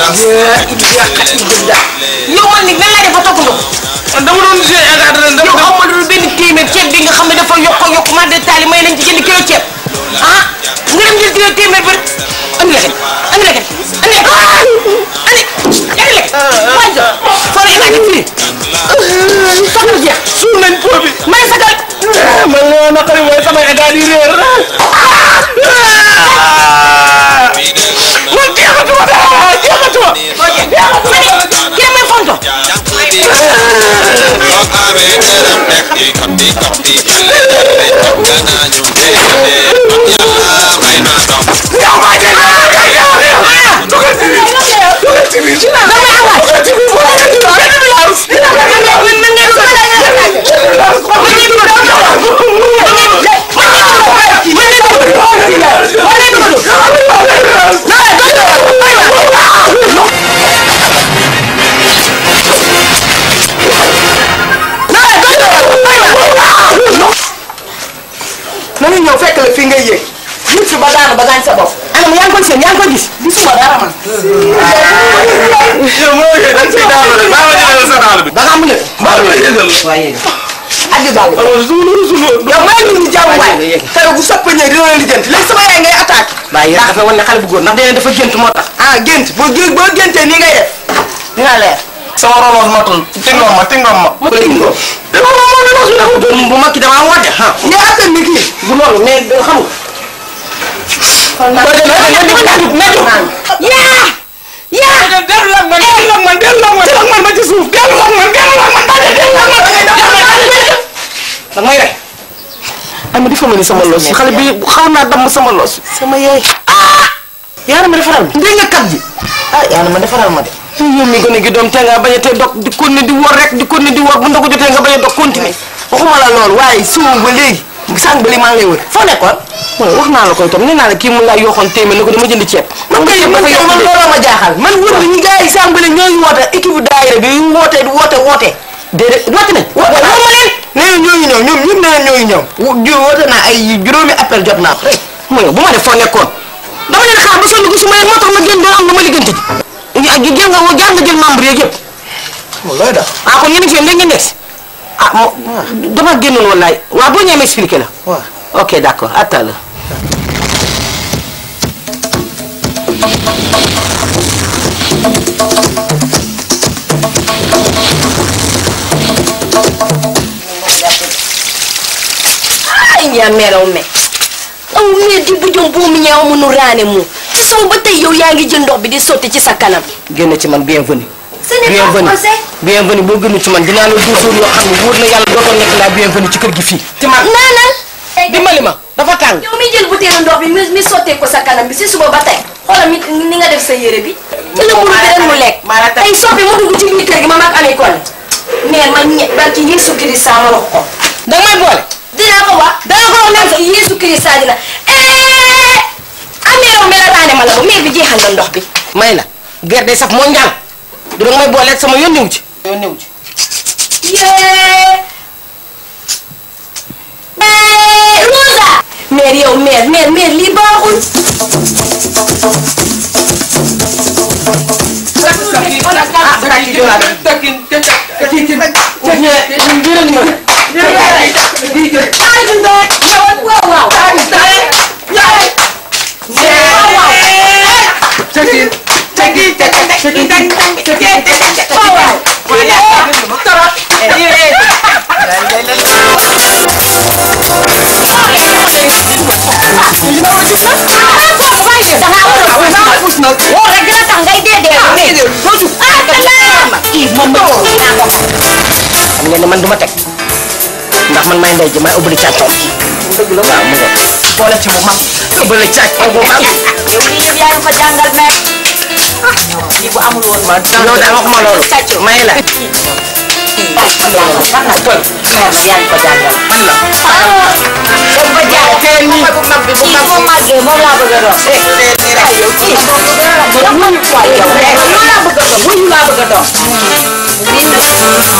yaa indi yàqati jëndaa. yow man nag nan laa def ba topp ndox. man dama doon joué ak dama yow aw ma doon benn téeméer ceeb bi nga xam ne dafa yokk yokk man de taali may nañ ci jënd kilo ceeb ah nga dem jël kilo téeméer ba andi la kat andi la kat andi la ah, kat andi andi la kat. waa Ndiol foo leen laajee fii. soxna Dia. suul nañ po bi. may sagal. Eh, man loo naqari mooy samay état di réer. grande, um beijo. nañu ñëw fekk la fii ngay yéeg nit si ba daanu ba gaañ sa bopp. anam yaa ngi ko seen yaa ngi ko gis gisuma dara man. yow moo ngi dañ ciy daanu rek maa ngi jëlee sa daanu bi. ba nga am lépp. maa ngi lay yëgal la waaye. addi daal la. alors suuna suuna. yow maa ngi nii jaww waay. keroog bu soppi ñëw dina la lijjanti léegi sama yaay ngay attaqué. waaye yéen dafa wan ne xale bu góor ndax dinañ dafa gént moo tax. ah gént boo gé boo géntee nii ngay def dina leer. sama roloon matul tingoom ma tingoom ma. ma tingoom. dama ma ma ne ma su ne ko. bu ma kii damaa wàcce. ah. ñëw attaque ni kii. sama loos yi xale bi xaw naa damm sama loos sama yaay ah yaa na ma defaral ma dégg nga kat ji ah yaa na ma defaral ma de yow mi gone gi doom te nga bañ a tee dog di continuer di wor rek di continuer di wor bu ndogu jotee nga bañ a dog continuer waxuma la loolu waaye suum ba léegi sànq ba léegi maa ngi lay wër foo nekkoon. waaw wax naa la ko itam nee naa la kii mu laay yokkoon téeméer ko dama jënd man kay man kay man looloo ma jaaxal man wër bi ñu gars yi sànq ba léegi na ñooñu ñëw ñoom ñëpp jot naa ko rek. mooy bu ma def foo nekkoon. dama leen xaar ba ko su ma yeg moo nga woo jaar nga jël membre yeeg yëpp. looy def ah kon yéen a ngi ah dama génnoon wallaay waaw boo ñëwee ma expliqué la. waaw ok d' accord à tout à l' heure. yaa meeraw bu jom boobu ñaaw mënu raane mu ci soo ba tey yow yaa ngi jël ndox bi di sotti ci sa kanam. génn ci man bienvenue. bienvenue bienvenue boo gënu ci man dinaa la dóosóor yoo xam ne wóor na yàlla dootoo nekk laa bienvenue ci kër gi fii ci man naanal dimbali ma dafa tàng yow mi jël butéelu ndox bi mi sottee ba tey def sa yére bi ci la ma mag amee kon mais ma ñe barki ko da may boole dinaa ko wax danga ko wax naan la bu meer bi ndox bi may la gerte saf moo njàng du danga may booleeg sama yoon ñëw ci. yoon ñëw ci. yee. Rosa. mère yow mère mère mère lii baaxul. ah Ang yan naman dumating. Hindi man may hindi, may ubalik siya chong. Wala siya mo, ma'am. Ubalik siya. Ubalik siya. Yung hindi yung biyahe ko jungle, ma'am. lii bu amul woon man. non non waxuma loolu may la. yaa ngi ko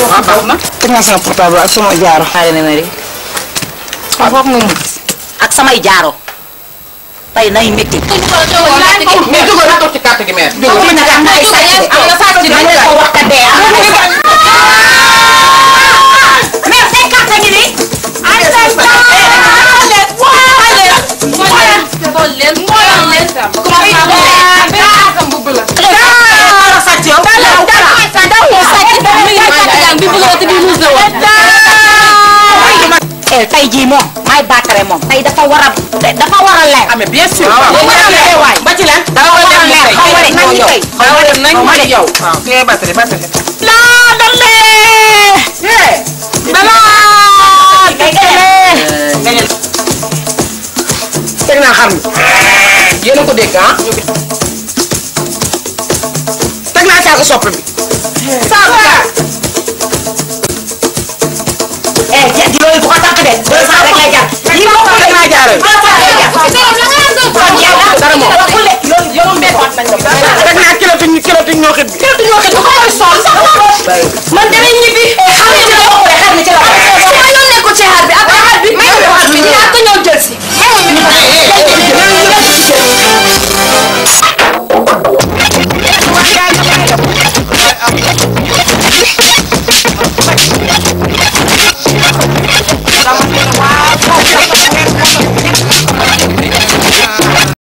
teg na sama portable ak sama jaaro xaare na apa ak ak samay jaaro tay nay metti ko ko ko ci carte tey jii moom maay baatare moom tey dafa war a dafa war a leer. amee bien sûr waaw waaw waaw waay ba ci lan. dafa war a leer xaw ma de nañ ñu tey xaw ma de nañ ma de yow. waaw ki ngay baatare yooyu ku ko takk de 200 rek lay jar yi ma ko dañ maa jaaral. dara moom. teg naa kilotuñ kilotuñ ñoo xit bi. kilotuñ ñoo xit bi ku koy sol. man demee